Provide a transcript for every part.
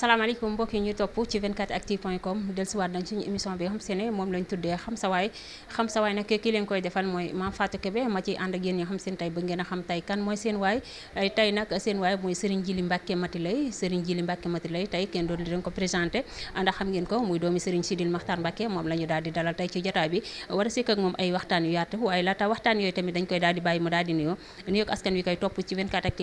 salaamaaleykum mbokk yi ñuy topp ci 24actu point com dellusiwaat nañ suñu émission bi nga xam se ne moom lañ tuddee xam sa waay xam sa waay nag ki leen koy defal mooy Mame Fatou Kébé ma ci ànd a xam tey kan mooy seen waay tey kenn doon dañ ko présenté ndax xam ngeen ko muy doomi Serigne Sidil Makhtar Mbacké moom la ñu daal di dalal tey ci a sekk ak moom ay waxtaan yu yaatu waaye laata waxtaan yooyu tamit dañ koy daal di bàyyi mu daal di nuyoo nuyoo ak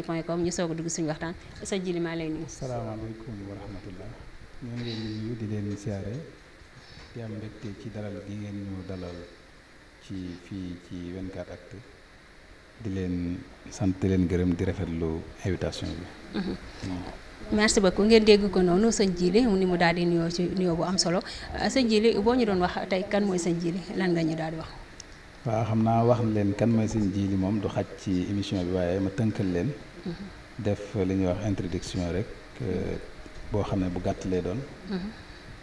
point com ñu soog a dugg suñu waxtaan sa Djily maa lay nuyu salaamaaleykum rahmatullah ñoo ngi leen di nuyu di leen ci dalal gi ngeen ñu dalal ci fii ci 24 actu di leen gërëm di rafetlu invitation bi. Mm-hmm. merci beaucoup ngeen dégg ko noonu sëñ Jili ni mu daal di nuyoo ci nuyoo bu am solo euh, sëñ Jili boo ñu doon wax tey kan mooy sëñ Jili lan nga daal di wax. waaw xam naa wax leen kan mooy sëñ Jili moom du xaj ci émission bi waaye ma tënkal leen. Mm-hmm. def li ñuy wax introduction rek. Euh, boo xam ne bu gàtt lay doon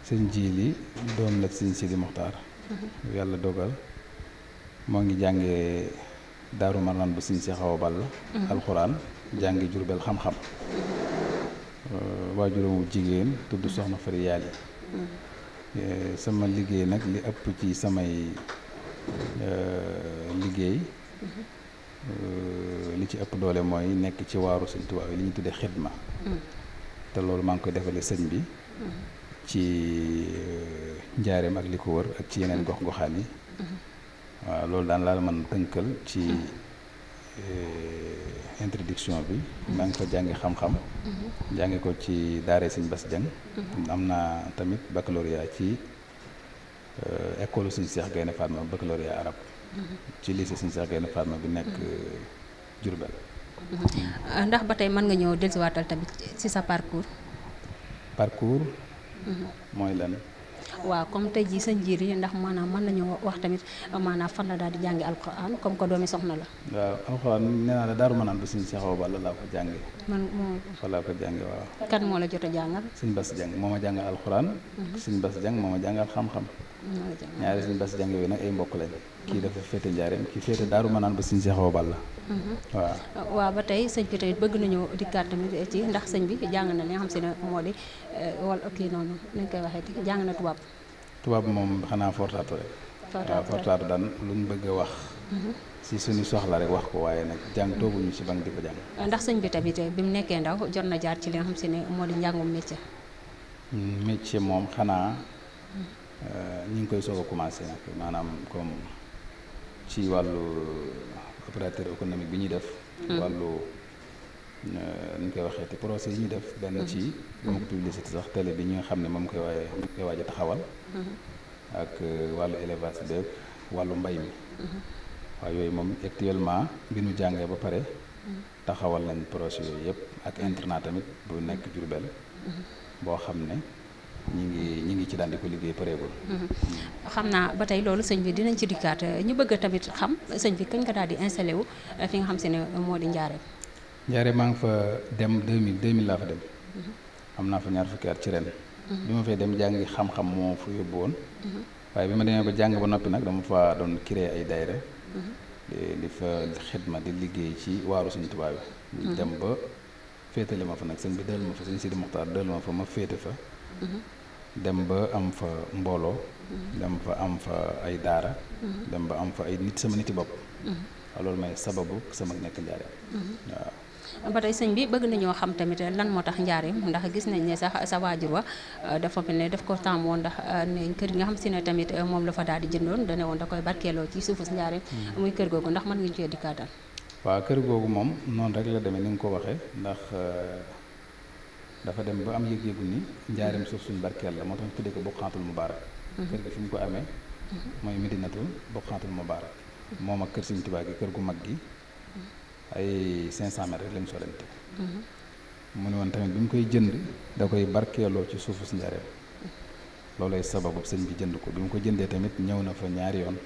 sëñ Jili doom la si Sidi Moxtaar yàlla dogal moo ngi jàngee daaru marnaan bu sëñ si xaw bal alxuraan jàngi jurbel xam-xam waajuramu jigéen tudd soxna fari yaali sama liggéey nag li ëpp ci samay euh, liggéey euh, li ci ëpp doole mooy nekk ci waaru sëñ Tuubaa li ñu tuddee xidma te loolu maa ngi koy defale sëñ bi ci euh, njaareem ak li ko wër ak ci yeneen gox goxaan yi waaw loolu daan laa man tënkal ci euh, introduction bi maa ngi fa jàngi xam-xam jàngi ko ci daare sëñ Bass Dieng am naa tamit baccalauréat ci euh, école sëñ Cheikh Gaïndé Fatma baccalauréat arabe ci lycée sëñ Cheikh Gaïndé Fatma bi nekk Diourbel Euh, ndax ba tey mën nga ñëw dellusiwaatal tamit ci sa parcours. parcours. Mhm. mooy lan. waaw comme tey jii sa njiir yi ndax maanaam mën nañu wax tamit euh, maanaam fan la daal di jàngi alxuraan comme que doomi soxna la. waaw alxuraan nee naa la daaru ma naan ba suñu Seexaw Balla laa ko jàngi. man moo kan moo la jot a jàngal. suñu bas jàng moo ma jàngal alxuraan. Mhm. suñu bas jàng moo ma jàngal xam-xam. ñaari suñu bas jàng yooyu nag ay mbokk lañ. kii dafa féete njaareem kii féete daaru ma naan ba suñu Seexaw Balla. Mm-hmm. waaw waaw ba tey sëñ bi tamit bëgg nañu dikkaat tamit ci ndax sëñ bi jàng na li xam si ne moo di eh, wala kii noonu nañ koy waxee jàng na tubaab tubaab moom xanaa fortaatu rek waaw fortaatu daan bëgg a wax mm-hmm. si suñu soxla wax ko waaye nag mm-hmm. tooguñu si banque di ko jàng ah, ndax sëñ bi tamit eh, bi mu nekkee ndaw jot na jaar ci li nga xam si ne moo di njàngum métier mm, métier moom xanaa eh, ñu ngi koy soog a commencé nag maanaam comme ci wàllu opérateur économique bi ñuy def. Hmm. wàllu euh, nu ñu koy waxee te procès yi ñuy def. Hmm. benn ci dama ko publicité sax télé bi ñi nga xam ne moom koy waaye koy waaj taxawal. Hmm. ak euh, wàllu élevage beeg wàllu mbay mi. waaye yooyu moom actuellement bi ñu jàngee ba pare. taxawal nañ projet yooyu yëpp ak internat tamit bu nekk Jurbel boo xam ne. ñu ngi ñu ngi ci daan di ko liggéey pareegul. Mm-hmm. xam naa ba tey loolu sëñ bi dinañ ci dikkaat ñu bëgg tamit xam sëñ bi kañ nga daal di installé wu fi nga xam si ne moo di Njaareem. Njaareem maa ngi fa dem 2000 2000 laa fa dem. Mm-hmm. am naa fa ñaar fukki at ren. Mm-hmm. bi ma dem jàngi xam-xam moo fa yóbbu waaye bi ma demee ba jàng ba noppi nag dama fa doon créer ay daayira. di fa xidma di liggéey ci waaru suñu tubaab bi. dem ba féetale ma fa nag sëñ bi dellu ma fa sëñ Sidi Muxtaar dellu ma fa ma féete fa. dem ba am fa mbooloo dem fa am fa ay daara dem ba am fa ay nit sama niti bopp loolu may sababu sama nekk njaareem waaw ba tey sëñ bi bëgg nañoo xam tamit lan moo tax njaareem ndax gis nañ ne sa waajur wa euh, dafa mel ne daf ko tàmm woon ndax euh, ne kër gi nga xam si ne tamit euh, moom la fa daal di jëndoon dane woon da koy barkeeloo ci suufu si njaareem hmm. muy kër googu ndax mën nga ñu cee dikkaatal waaw kër googu moom noonu rek la demee ni nga ko waxee ndax dafa dem ba am yëg-yëgu ni njaareem suuf suñ barkeel la moo tax ñu tuddee ko Boqantul Mubaarak mhm. kër gi fi mu ko amee mhm. mooy Medinatu Boqantul Mubaarak mhm. moom ak kër Sëriñ Tuubaa gi kër gu mag gi ay 500 mètres rek lañ sorente mu ne woon tamit bi mu koy jënd da koy barkeeloo ci suufu si njaareem loolay sababu sëñ bi jënd ko bi mu ko jëndee tamit ñëw na fa ñaari yoon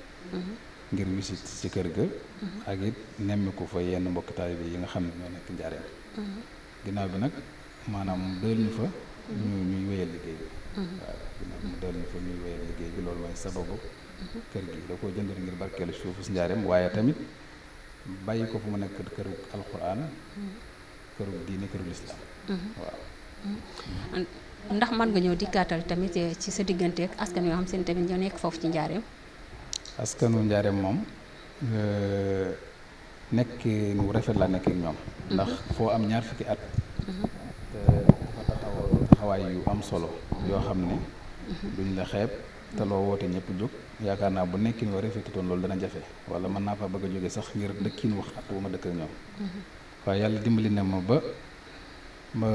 ngir wisit ci kër ga ak it nemmiku fa yenn mbokki taalibe yi nga xam ne ñoo nekk njaareem bi nag maanaam doyal ñu fa. ñu mhm. ñuy wéyal liggéey bi. waaw mu loolu mooy sababu. Mhm. kër gi da koo jëndal ngir barkeelu suufu si njaareem waaye tamit bàyyi ko fu mu nekk këru alxuraan. Mhm. këru diine këru lislaam ndax mën nga ñëw dikkaatal tamit eh, ci sa diggante askan yoo xam seen tamit ñoo foofu ci njaareem. askanu njaareem moom eh, nekk mu rafet laa nekk ak ñoom. ndax foo am ñaar fukki at. dafa yu am solo yoo xam ne duñ la xeeb te loo woote ñëpp jóg yaakaar naa bu nekkin wa rafetitoon loolu dana jafe wala mën naa fa bëgg a jóge sax ngir dëkkiin wax at wu ma dëkk ak ñoom mm-hmm. waaye yàlla dimbali na ma ba ma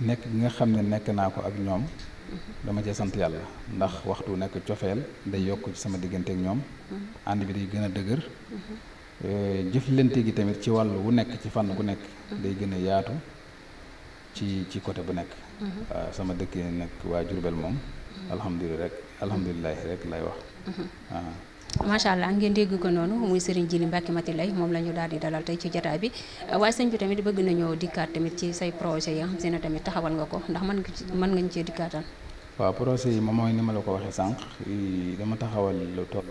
nekk gi nga xam ne nekk naa ko ak ñoom mm-hmm. dama cee sant yàlla ndax waxtu nekk cofeel day yokk ci sama diggante ak ñoom mm-hmm. ànd bi day gën a dëgër eh, jëflante gi tamit ci wàll wu nekk ci fànn ku nekk day gën a yaatu ci ci côté bu nekk. waaw mhm. ah, sama dëkk nag waa Jurbel moom. Mhm. alhamdulilah rek alhamdulilah rek lay wax. Mhm. Ah. macha allah ngeen dégg ko noonu muy Serigne Djily Mbacké Maty lay moom la ñu daal di dalal tey ci jotaay bi ah, waaye sëñ bi tamit bëgg nañoo dikkaat tamit ci say projet yi xam se ne tamit taxawal nga ko ndax mën nga ci mën nga ñu cee dikkaatal. waa projet yi moom mooy ni ma la ko waxee sànq dama taxawal lu toll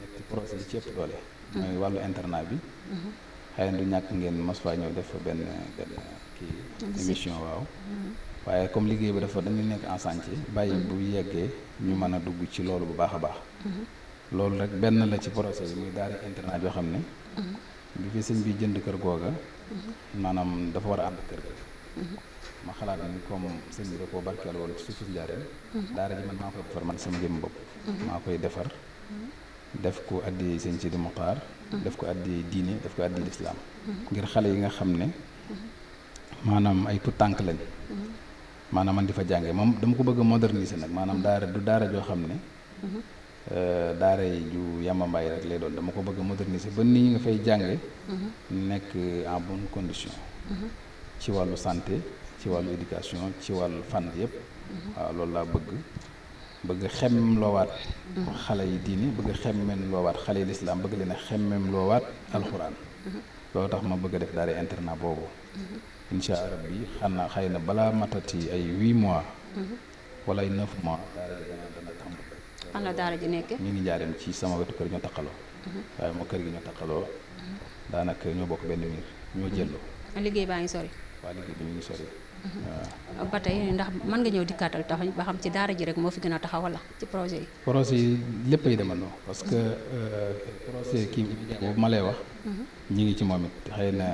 ñetti projet yi ci ëpp doole. mooy wàllu internat bi. xëy na du ñàkk ngeen mos faa ñëw def benn benn kii émission waaw mm-hmm. waaye comme liggéey bi dafa dañu nekk en chantier bàyyi mm-hmm. bu yeggee ñu mën a dugg ci loolu bu baax a baax mm-hmm. loolu rek benn la ci projet bi muy daara internat yoo xam ne bi fi sëñ bi jënd kër googa maanaam dafa war a ànd kër ga ma xalaat ni comme sëñ bi da koo barkeel woon ci suuf si njaareem daara ji man maa koy defar man sama jëm bopp maa koy defar def ko addi sëñ Sidi Muxtaar mm-hmm. def ko addi diine def ko addi lislaam mm-hmm. ngir xale yi nga xam ne mm-hmm. maanaam ay tout tànk lañ maanaam man di fa jàngee moom dama ko bëgg a moderniser nag maanaam daara du daara joo xam ne euh, daara yi ju yàmbambaay rek lay doon dama ko bëgg a moderniser ba nit ñi nga fay jànge nekk en bon condition ci wàllu santé ci wàllu éducation ci wàllu fànn yépp waaw loolu laa bëgg bëgg xemmem loowaat xale yi diini bëgg xemmem loowaat xale yi lislaam bëgg leen a xemmem loowaat alxuraan loolu tax ma bëgg def daara internat boobu insha allah rabbi xanaa xëy na balaa matati ay huit mois wala ay neuf mois daara ji dana tàmb daara ji nekk ñu ngi njaareem ci sama wetu kër ñoo taqaloo waaye moo kër gi ñoo taqaloo daanaka ñoo bokk benn miir ñoo jëlloo liggéey baa ngi sori waa liggéey bi ñu ngi sori. waaw ba tey ndax mën nga ñëw dikkaatal tax ba xam ci daara ji rek moo fi gën a taxaw wala ci projet yi. projet yi lépp ay demandoo parce que projet kii boobu ma lay wax. ñi ngi ci moom it xëy na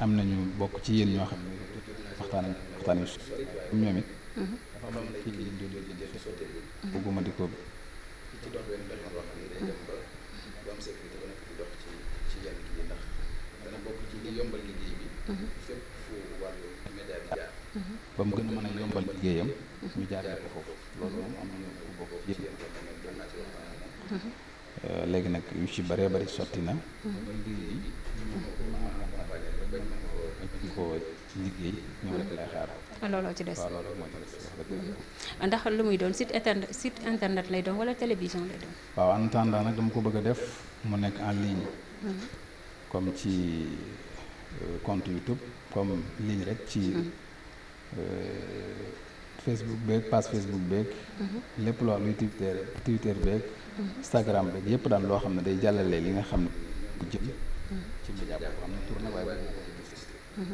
am bokk ci yéen ñoo xam ne waxtaan ak waxtaan ak ñoom it. dafa am kii bi ñu di ko. ci dox benn dox wax ni ba mu gën a mën a yombal liggéeyam ñu jaaree ko foofu loolu moom am euh, nag yu ci bëree bëri sotti na ñu ko liggéey ñoom rek lay xaar ah, looloo ci des mm-hmm. ndax lu muy doon site internet site internet lay doon wala télévision lay doon waaw en attendant nag dama ko bëgg a def mu nekk en ligne mm-hmm. comme ci euh, compte YouTube comme ligne rek ci mm-hmm. Euh, Facebook beeg page Facebook beeg. Mhm. lépp loo xam luy Twitter Twitter beeg. Mhm. Instagram beeg yépp daal loo xam ne day jàllale li nga xam ne bu jëm. Mhm. ci média boo xam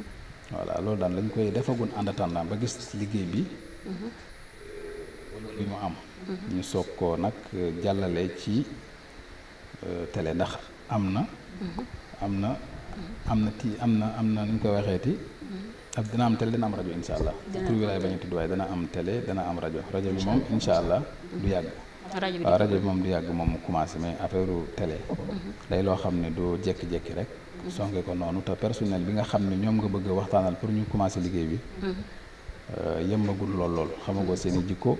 voilà loolu daal lañ koy defagun en attendant ba gis liggéey bi. bi mu am. ñu soog koo nag euh, jàllale ci euh, tele ndax am na. am na am na ti am na am na nu ñu koy waxeeti. ak dina am télé dina am rajo incha allah. pour wilaay bañ a tudd waaye dana am télé dana am rajo rajo bi moom incha allah du yàgg. waaw rajo bi moom du yàgg moom mu commencé mais affaire télé. Mhm. day loo xam ne du jékki-jékki rek. Mhm. songe ko noonu te personnel bi nga xam ne ñoom nga bëgg waxtaanal pour ñu commencé liggéey bi. Mhm. Euh, yëmbagul lool lool xamagoo seen i jikko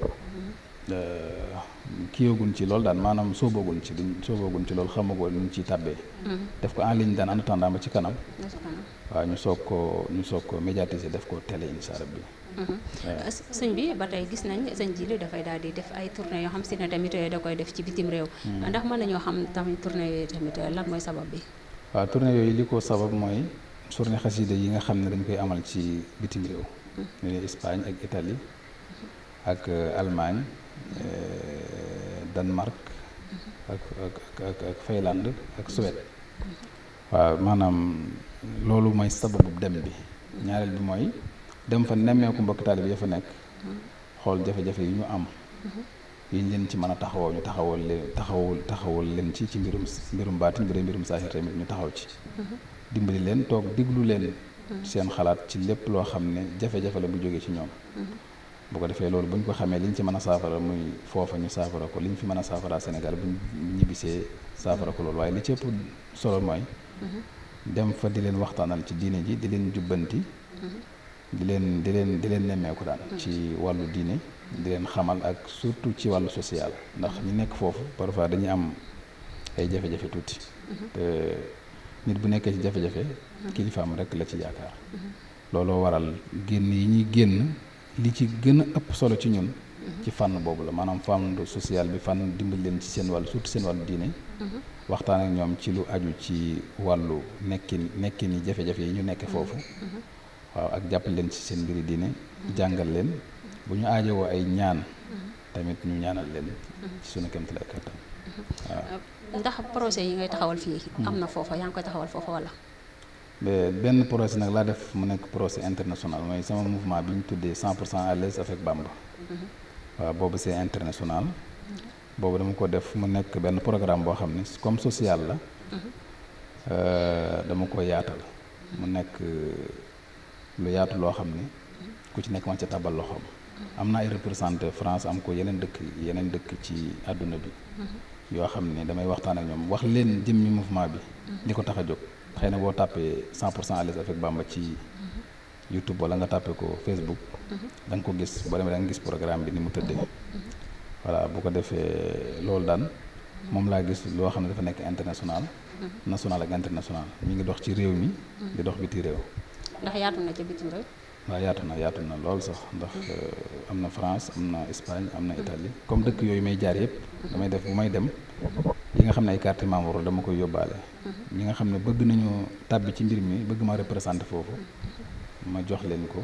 Euh, kiyaguñ ci loolu daan maanaam sóobooguñ ci duñ sóobooguñ ci loolu xamagoo ni ñu ciy tàbbee. Mm-hmm. def ko en ligne daan en attendant ci kanam. waaw ñu soog koo ñu soog koo médiatiser def ko télé incha allah bi. Mm-hmm. sëñ bi ba tey gis nañ sëñ Jili dafay daal di def ay tournée yoo xam si ne tamit da koy def ci bitim réew. Mm. ndax mën nañoo xam tamit tournée yooyu tamit lan mooy sabab bi. waaw tournée yooyu li ko sabab mooy journée xasida yi nga xam ne dañ koy amal ci bitim réew. ñu mm. ne ak Italie. ak euh, Allemagne euh, Danemark ak ak ak ak ak Suède waaw maanaam loolu mooy sababu dem bi ñaareel bi mooy dem fa nemmeeku mbokk taalibe ya fa nekk xool jafe-jafe yi ñu am yi ñu leen ci mën a taxawoo ñu taxawal leen taxawul taxawul leen ci ci mbirum mbirum baatin bi mbirum saahir tamit ñu taxaw ci dimbali leen toog diglu leen seen xalaat ci lépp loo xam ne jafe-jafe la bu jóge ci ñoom boo ko defee loolu buñ ko xamee liñ ci mën a saafara muy foofa ñu saafara ko li ñu fi mën a saafara Sénégal ñu ñibbisee saafara ko loolu waaye li ci ëpp solo mooy dem fa di leen waxtaanal ci diine ji di leen jubbanti di leen di leen di leen nemmeeku daal ci wàllu diine di leen xamal ak surtout ci wàllu social ndax ñi nekk foofu parfois dañuy am ay jafe tuuti te bu nekkee ci jafe-jafe kilifaam rek la ci yaakaar mhm. waral génn yi ñuy génn li ci gën a ëpp solo ci ñun ci fànn boobu la maanaam fànn social bi fànn dimbali leen ci seen wàllu surtout seen wàllu diine waxtaan ak ñoom ci lu aju ci wàllu nekkin nekkin yi jafe-jafe yi ñu nekk foofu waaw ak jàppale leen ci seen mbiri diine jàngal leen bu ñu aajowoo ay ñaan tamit ñu ñaanal leen ci sunu kéemtalaay kattan waaw ndax projet yi ngay taxawal fii am na foofa yaa ngi koy taxawal foofa wala benn projet nag laa def mu nekk projet international mooy sama mouvement bi ñu tuddee 100 pour cent à l'aise avec Bamba mm-hmm. waaw boobu c'est international mm-hmm. boobu dama ko def mu nekk benn programme boo xam ne comme social la mm-hmm. euh, dama ko yaatal mu nekk euh, lu yaatu loo xam ne ku ci nekk ma ca tabal loxoom am na ay représenté France am ko yeneen dëkk yeneen dëkk ci àdduna bi yoo xam ne damay waxtaan ak ñoom wax leen jëmmi mouvement bi li ko tax a jóg xëy na boo tàppee 100 pour cent à l'aise avec Bamba ci YouTube wala nga tàppee ko Facebook da nga ko gis boo demee da nga gis programme bi ni mu tëddee voilà boo ko defee loolu daan moom laa gis loo xam ne dafa nekk international national ak international mi ngi dox ci réew mi di dox biti réew ndax yaatu na réew waaw yaatu na yaatu na lool sax ndax euh, am na France am na Espagne am na Italie comme dëkk yooyu may jaar yëpp damay def bu may dem yi nga xam ne ay carte membre dama koy yóbbaale ñi nga xam ne bëgg nañoo tàbbi ci mbir mi bëgg ma représenté foofu ma jox leen ko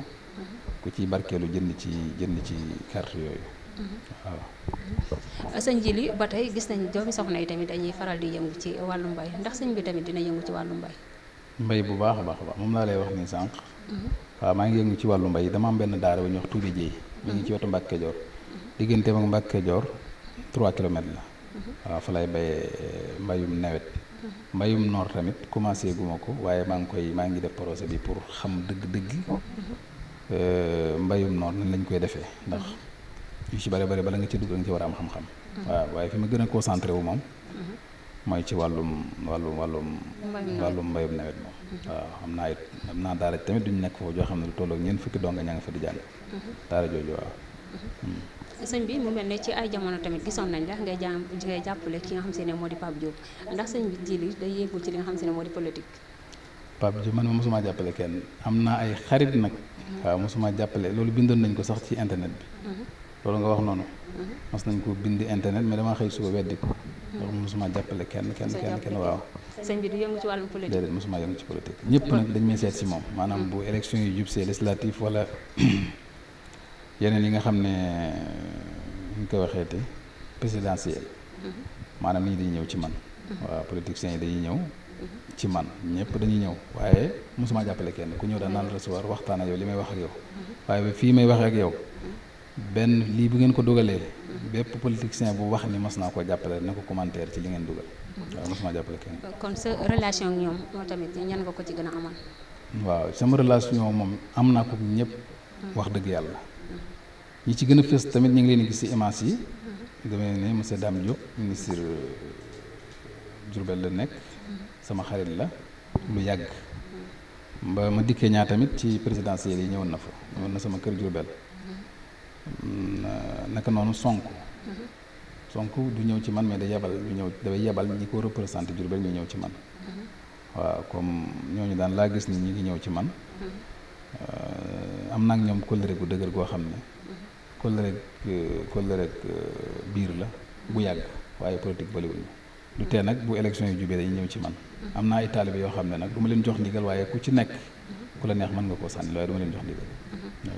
ku ci barkeelu jënd ci jënd ci carte yooyu waaw. sëñ li ba tey gis nañ doomi soxna yi tamit dañuy faral di yëngu ci wàllu mbay ndax sëñ bi tamit dina yëngu ci wàllu mbay. mbay bu baax a baax a baax moom laa lay wax ni sànq. Mhm. waaw maa ngi yëngu ci wàllu mbay dama am benn daara bu ñuy wax Touba Dieye. mu ngi ci wetu Mbacke Dior. Mhm. digganteem ak Mbacke Dior la. Mhm. waaw fa lay bayee eh, mbayum nawet. mbayum noor tamit commencé guma ko waaye maa ngi koy maa ngi def projet bi pour xam dëgg-dëgg euh, mbayum noor nan lañ koy defee ndax yu ci bare bari bala nga ci dugg nga ci war am xam-xam waaw waaye fi ma gën a concentré wu moom mooy ci wàllum wàllum wàllum wàllum mbayum nawet moom waaw xam naa it am naa daara tamit duñu nekk joo xam ne lu tolloog ñeent fukki donga ña nga fa di jàng daara jooju waaw hmm. sëñ bi mu mel ne ci ay jamono tamit gisoon nañ la ngay jaam ngay jàppale ki nga xam se ne moo di Pape Diop ndax sëñ bi Djily yëngu ci li moo di politique Pape Diop man ma mosumaa jàppale kenn am naa ay xarit nag mm-hmm. waaw mosumaa jàppale loolu bindoon nañ ko sax ci internet bi mm-hmm. loolu nga wax noonu mm-hmm. mas nañ ko bind internet mais damaa xëy suba weddi ko ndax mosuma jàppale kenn kenn kenn kenn waaw sëñ bi du yëngu ci wàllum ñëpp nag dañ may seet si moom maanaam bu élection yi jub see législative wala yeneen yi nga xam ne ñu ko waxee te présidentielle mm-hmm. maanaam nit ñi dañuy ñëw ci man mm-hmm. waaw politiciens yi dañuy ñëw mm-hmm. ci man ñëpp dañuy ñëw waaye mosuma jàppale kenn ku ñëw daan naan recevoir waxtaan ak yow li may wax ak yow waaye ba fii may waxee ak yow benn lii bu ngeen ko dugalee bépp politicien bu wax ni mas naa ko jàppale na ko commentaire ci li ngeen dugal waaw mosuma jàppale kenn kon sa relation ak ñoom moo tamit ñan nga ko ci gën a amal waaw sama relation moom am naa ko ñëpp wax dëgg yàlla ñi ci gën a fës tamit ñu ngi leen di gis ci image yi demee ne mu Dame Diop ministre Diourbel la nekk sama xarit la lu yàgg mba ma dikkee ñaa tamit ci présidentielle yi ñëwoon na fa ñëwoon na sama kër Diourbel naka noonu Sonko Sonko du ñëw ci man mais day yebal ñu ñëw dafay yebal ñi ko représenté Diourbel ñu ñëw ci man waaw comme ñooñu daan laa gis ni ñi ngi ñëw ci man am naa ak ñoom kóllëre gu dëgër goo xam ne kóllëre rek kóllëre rek euh, biir la bu yàgg waaye politique baliwuñ lu tee nag bu élection yi jubee dañuy ñëw ci man am naa ay taalibe yoo xam ne nag du ma leen jox ndigal waaye ku ci nekk ku la neex mën nga koo sànni waaye du leen jox ndigal mhm.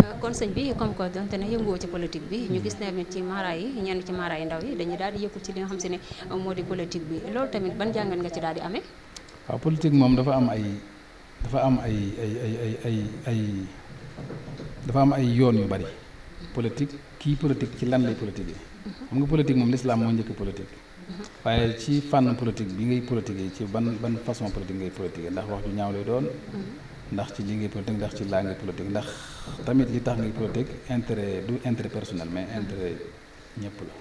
euh, kon sëñ bi comme que donte ne yënguwoo ci politique bi ñu gis ne ci mara yi ñenn ci mara yi ndaw yi dañuy daal di yëkkul ci li nga xam se ne moo di politique bi loolu tamit ban jàngat nga ci daal di politique moom dafa am ay dafa am ay ay ay ay am ay yoon yu bari politique kii politique ci lan lay politique yi xam nga politique moom lislaam moo njëkk politique waaye ci fànn politique bi ngay politique yi ci ban ban façon politique ngay politique ndax wax ju ñaaw lay doon ndax ci lii ngay politique ndax ci laa ngay politique ndax tamit li tax ngay politique intérêt du intérêt personnel mais intérêt ñëpp la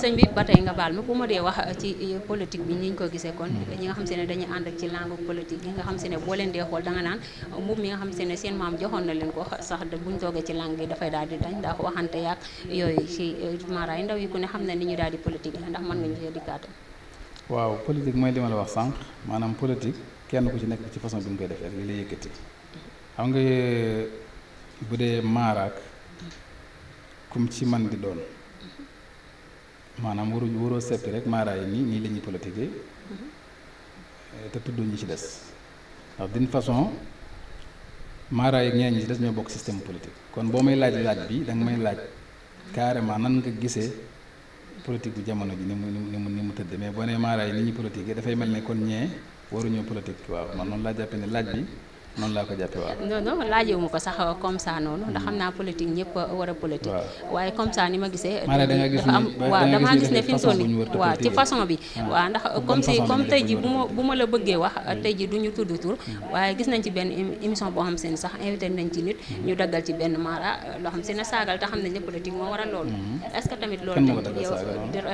sëñ bi ba tey nga baal ma bu ma dee wax ci politique bi ni ñu ko gisee kon mm-hmm. ñu nga xam se ne dañu ànd ak ci langue politique yi nga xam se ne boo leen dee xool da nga naan mbubb mi nga xam se ne seen maam joxoon na leen ko sax buñ toogee ci langue yi dafay daal di dañ ndax waxante yaak yooyu ci euh, maaraay ndaw yi ku ne xam ne ni ñu daal di politique ndax mën nga ñu see dikkaata waaw politique mooy li ma la wax sànq maanaam politique kenn ku ci nekk ci façon bi nga koy defee ak li lay yëkkati xam nga bu dee maaraak kum maanaam waruñu waroo seet rek maaraay nii nii la ñuy politiquer mm-hmm. te tudd ñi ci des ndax d'une façon maaraay ak ñeneen ñi ci des ñoo bokk système politique kon boo may laaj laaj bi da nga may laaj carrément nan nga gisee politique bu jamono ji ni mu ni mu ni mu tëdd mais boo nee maaraay ni ñuy politiquer dafay mel ne kon ñee waruñoo politique waaw man noonu laa jàppee ne laaj bi. noonu laa ko jàppee waaw. non non laajewuma ko sax comme ça noonu ndax xam naa hmm. politique ñëpp war a politique. waaye comme ça ni ma gisee. dafa am waaw damaa gis ne fi hmm. bu ma la bëggee wax hmm. tey ji du ñu tudd tur waaye gis nañ ci benn émission boo xam seen sax invité nañ ci nit ñu daggal ci benn euh, ne politique moo waral loolu. est tamit loolu tamit yow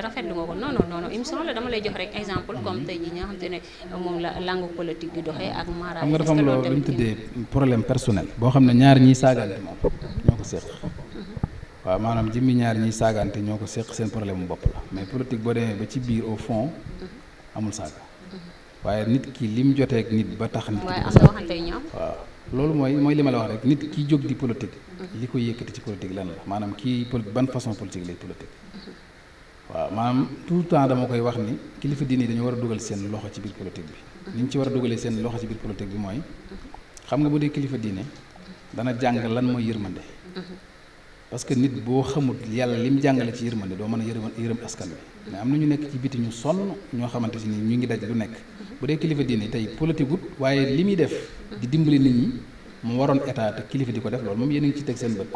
rafetlu nga ko non non non dama lay jox rek exemple comme tey ji xam te moom la langue politique di doxee ak maara tuddee problème personnel boo xam ne ñaar ñiy saagante moom ñoo ko séq maanaam jëmmi ñaar ñiy saagante ñoo ko séq seen problème mu bopp la mais politique boo demee ba ci biir au fond amul saaga waaye nit ki lim jotee ak nit ba tax nit ki waaw loolu mooy mooy li ma la wax rek nit ki jóg di politique li ko yëkkati ci politique lan la maanaam kii ban façon politique lay politique waaw maanaam tout le temps dama koy wax ni kilifa diine yi dañu war a dugal seen loxo ci biir politique bi ni ci war a dugalee seen loxo ci biir politique bi mooy xam nga bu dee kilifa diine dana jàng lan mooy yërmande parce que nit boo xamut yàlla lim jàngale ci yërmande doo mën a yërëm yërëm askan bi a am na ñu nekk ci biti ñu ñoo xamante ni ñu ngi daj lu nekk bu dee kilifa diine tey politique wut waaye li muy def di dimbali nit ñi mu waroon état te kilifa di ko def loolu moom yéen a ngi ci teg seen bët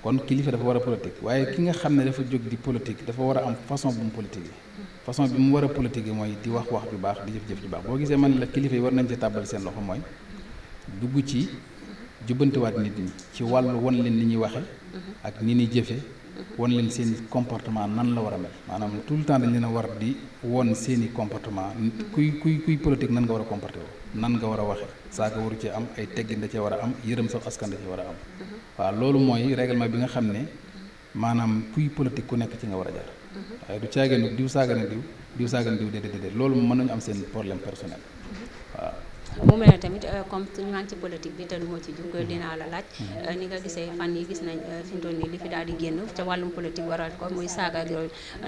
kon kilifa dafa war a politique waaye ki nga xam ne dafa jóg di politique dafa war a am façon bu mu politique yi façon bi mu war a politique yi mooy di wax wax ju baax di kilifa yi war nañ ci tàbbal seen dugg ci jubbantiwaat nit ñi ci wàllu won leen ni ñuy waxe ak ni ñuy jëfe won leen seen comportement nan la war a mel maanaam tout le temps dañ leen a war di won seen i comportement kuy kuy kuy politique nan nga war a comporté wo nan nga war a waxe saaka waru cee am ay teggin da cee war a am yërëm sax askan da cee war a am waaw loolu mooy règlement bi nga xam ne maanaam kuy politique ku nekk ci nga war a jar waaye du caagee nag diw saaga na diw diw saaga na diw déedéet mën nañu am seen problème personnel waaw mu mel ne tamit euh, comme maa ngi ci politique bi te du ma ci jug mm-hmm. dinaa la laaj euh, ni nga gisee fan yi gis nañ euh, fi mu nii li fi daal di génn ca wàllum politique waral ko muy saaga ak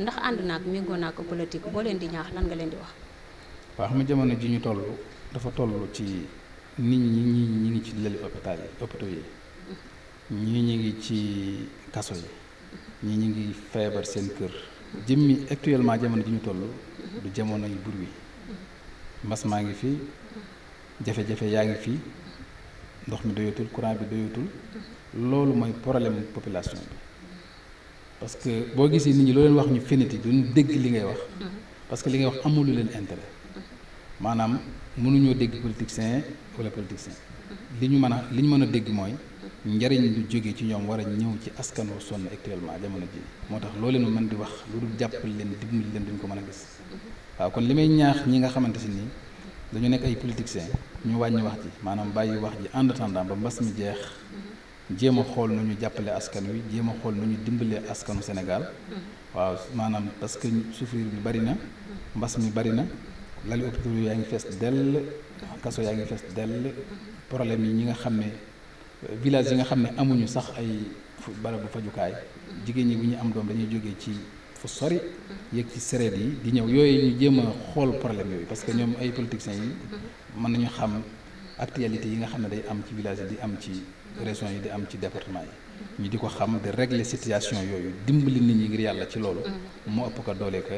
ndax ànd naag méngoo naag politique boo leen di ñaax lan nga leen di wax waa xam jamono ji ñu toll dafa toll ci nit ñi ñi ñi ngi ci lëli hôpital yi hôpitaux yi mm-hmm. ñii ñu ngi ci kaso yi mm-hmm. ñii ñu ngi feebar seen kër jëmmi actuellement jamono ji ñu toll du jamono yu bur wi maa ngi fi jafe-jafe yaa ngi fii ndox mi doyatul courant bi doyatul loolu mooy problème population bi parce que boo gisee nit ñi loo leen wax ñu finiti duñu dégg li ngay wax parce que li ngay wax amul lu leen intérêt maanaam mënuñoo dégg politicien wala politicien li ñu mën a li ñu mën a dégg mooy njariñ lu jóge ci ñoom war a ñëw ci askano sonn actuellement jamono ji moo tax loo leen mën di wax lu dul jàppal leen dimbali leen duñ ko mën a gis waaw kon li may ñaax ñi nga xamante si nii dañu nekk ay politiciens ñu wàññi wax ji maanaam bàyyi wax ji en attendant ba mbas mi jeex jéem a xool nu ñu jàppale askan wi jéem a xool nu ñu dimbalee askanu Sénégal mm-hmm. waaw maanaam parce que souffrir bi bari na mbas mi bari na lali hôpitaux yaa ngi fees dell kaso yaa ngi fees dell problème yi ñi nga xam ne village yi nga xam ne amuñu sax ay barabu fajukaay jigéen ñi bu ñu am doom dañuy jógee ci fu sori yëg ci sereet yi di ñëw yooyu ñu jéem a xool problème yooyu parce que ñoom ay politiciens yi mën nañu xam actualité yi nga xam ne day am ci village yi di am ci région yi di am ci département yi ñu di ko xam di régler situation yooyu dimbali nit ñi ngir yàlla ci loolu moo mm-hmm. ëpp ko doole ko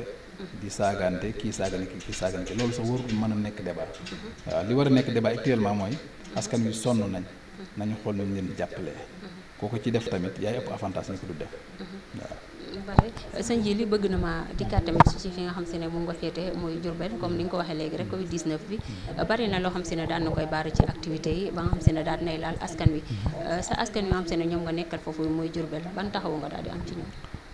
di saagante kii saagante kii saagante loolu soo warul mën a nekk débat mm-hmm. waaw li war a nekk débat actuellement mooy askan wi sonn nañ nañu xool nañ leen jàppalee mm-hmm. kooku ci def tamit yaay ëpp avantage ni ko du def ba pare sëñ ji bëgg na ma dikkaat tamit ci fi nga xam si ne moom nga féete muy Diourbel comme ni nga ko waxee léegi rek Covid 19 bi bari na loo xam si ne daan na koy bari ci activité yi ba nga xam si ne daan nay laal askan wi sa askan yoo xam si ne ñoom nga nekkal foofu muy Diourbel ban taxawu nga daal di am ci ñoom.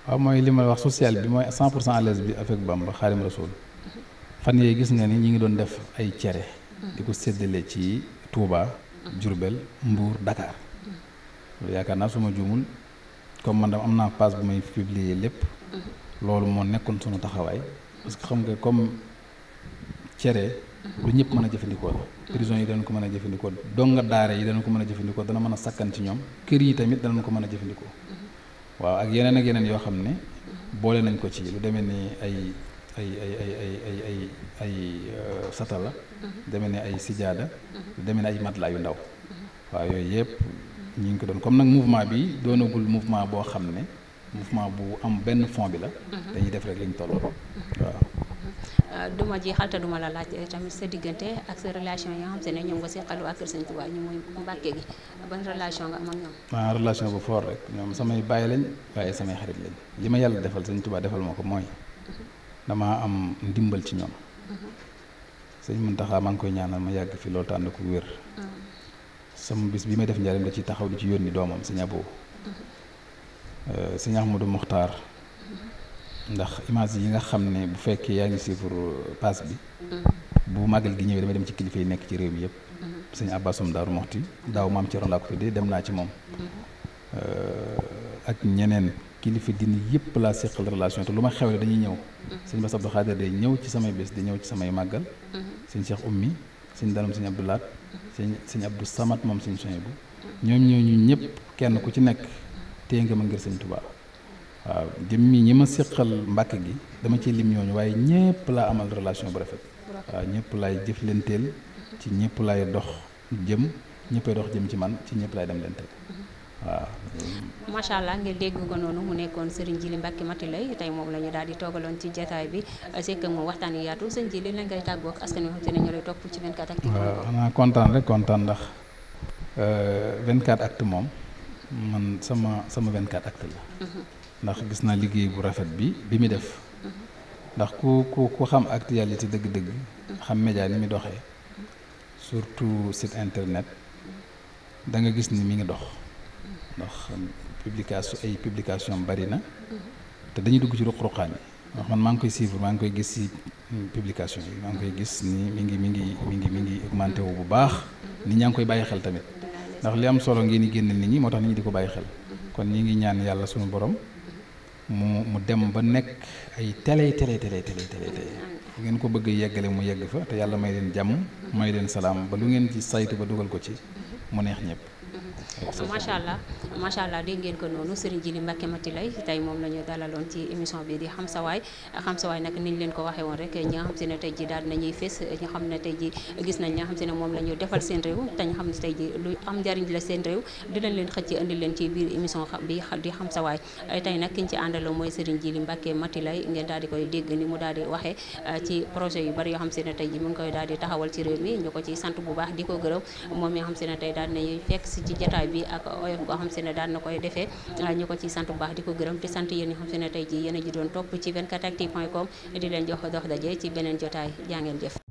waaw mooy li ma wax social bi mooy 100 pour cent à l'aise bi avec Bamba Xaadim Rasul fan yee gis nga ni ñi ngi doon def ay cere. di ko séddale ci Touba. Diourbel Mbour Dakar. yaakaar naa su ma juumul comme man dama am naa page bu may publier lépp. loolu moo nekkoon sunu taxawaay. parce que xam nga comme cere. lu ñëpp mën a jëfandikoo la. prison yi danañ ko mën a jëfandikoo donga daara yi danañ ko mën a jëfandikoo dana mën a sakkan ci ñoom kër yi tamit dana ko mën a jëfandikoo. waaw ak yeneen ak yeneen yoo xam ne. boole nañ ko ci lu demee ni ay ay ay ay ay ay ay euh, satala. demee ni ay sijaada. demee ni ay matelas yu ndaw. waaw yooyu yëpp. ñu ngi ko doon comme nag mouvement bi doonagul mouvement boo xam ne mouvement bu am benn fond bi la. Mhm. dañuy def rek liñ tolloo mhm. waaw. Euh, duma ji xalta duma la laaj euh, tamit sa diggante ak sa relation yi nga xam te ne ñoom nga seqal waa Kër relation nga ah, bu fort rek ñoom samay bàyyi lañ waaye samay xarit lañ li ma yàlla defal Sëñ Tuubaa defal ma ko mooy mhm. damaa am ndimbal ci ñoom. Sëñ Muntaxa maa ngi koy ñaanal ma yàgg fi loolu tànd ko wér. sama bis bi may def njaareem da ci taxaw di ci yónni doomam sëñ Abo mhm. euh, sëñ Ahmadou Mokhtar mhm. ndax image yi nga xam ne bu fekkee yaa ngi suivre euh, pass bi mhm. bu màggal gi ñëwee damay dem ci kilifa yi nekk ci réew mi yëpp sëñ Abbasum Daaru Moxti daaw maam Cerno laa ko de dem naa ci moom euh, ak ñeneen kilifa dini yëpp laa seqal relation te lu ma xewle dañuy ñëw sëñ Bass Abdou Khadir day ñëw ci samay bés di ñëw ci samay màggal sëñ Cheikh Ummi sëñ daram sëñ Abdou Lahat sëñ sëñ bu samat moom sëñ soñ bu ñoom ñooñu ñëpp kenn ku ci nekk te nga ma ngir sëñ Tuubaa waaw jëmmi ñi ma séqal mbàkk gi dama ciy lim ñooñu waaye ñëpp laa amal relation bu rafet waaw ñëpp laay jëflanteel ci ñëpp laay dox jëm ñëppay dox jëm ci man ci ñëpp laay dem lenteel waaw. macha allah ngeen dégg ko noonu mu nekkoon Serigne Djily Mbacké Matiley tey moom la ñu daal di toogaloon ci jotaay bi sekk moom waxtaan yu yaatu sëñ Djily lan ngay tàggoo ak askan wi xam te ne ñoo lay topp ci 24 actu. waaw xanaa kontaan rek kontaan ndax 24 euh, moom man sama sama 24 actu la. Mhm. ndax gis naa liggéey bu rafet bi bi mu def. Mhm. ndax ku ku ku xam actualité dëgg-dëgg. Mhm. xam média ni muy doxee. surtout site nga gis ni mi ngi dox. ndax publication ay publication bari na te dañu dugg ci ruq-ruqaan yi ndax man maa ngi koy suivre maa ngi koy gis ci mm, publication yi maa ngi koy gis ni mi ngi mi ngi mi ngi mi ngi augmenté bu baax ni ñaa ngi koy bàyyi xel tamit ndax li am solo ngeen di génne nit ñi moo tax nit ñi di ko bàyyi xel kon ñi ngi ñaan yàlla suñu borom mu mu dem ba nekk ay télé télé télé télé télé bu ngeen ko bëgg yeggale mu yegg fa te yàlla may leen jàmm may leen salaam ba lu ngeen ci saytu ba dugal ko ci mu neex ñëpp macha allah macha allah dégg ngeen ko noonu Serigne Djily Mbacké Matilay tey moom la ñu dalaloon ci émission bi di xam sa waay xam sa waay nag niñ leen ko waxee woon rek ñi nga xam se ne tey ji ne tey ji gis nañ ñi nga moom la defal seen réew te tey ji lu am njariñ la seen réew dinañ leen xëcc indi leen ci biir émission bi di xam sa waay tey nag kiñ ci àndaloo mooy Serigne Djily Mbacké Matilay ngeen daal di koy dégg ni mu daal di waxee euh, ci projet yu bari yoo xam se ne tey ji mu ngi koy daal di taxawal ci réew mi ñu ko ciy sant bu baax di ko gërëm moom mi nga xam se ne tey daal nañuy fekk ci jataay bi ak oyof goo xam se ne daan na koy defee ñu ko ci sant baax di ko gërëm di sant yéen ñi xam se ne tey ji yéen a ji doon topp ci 24actu point com di leen jox dox daje ci beneen jotaay jaa jëf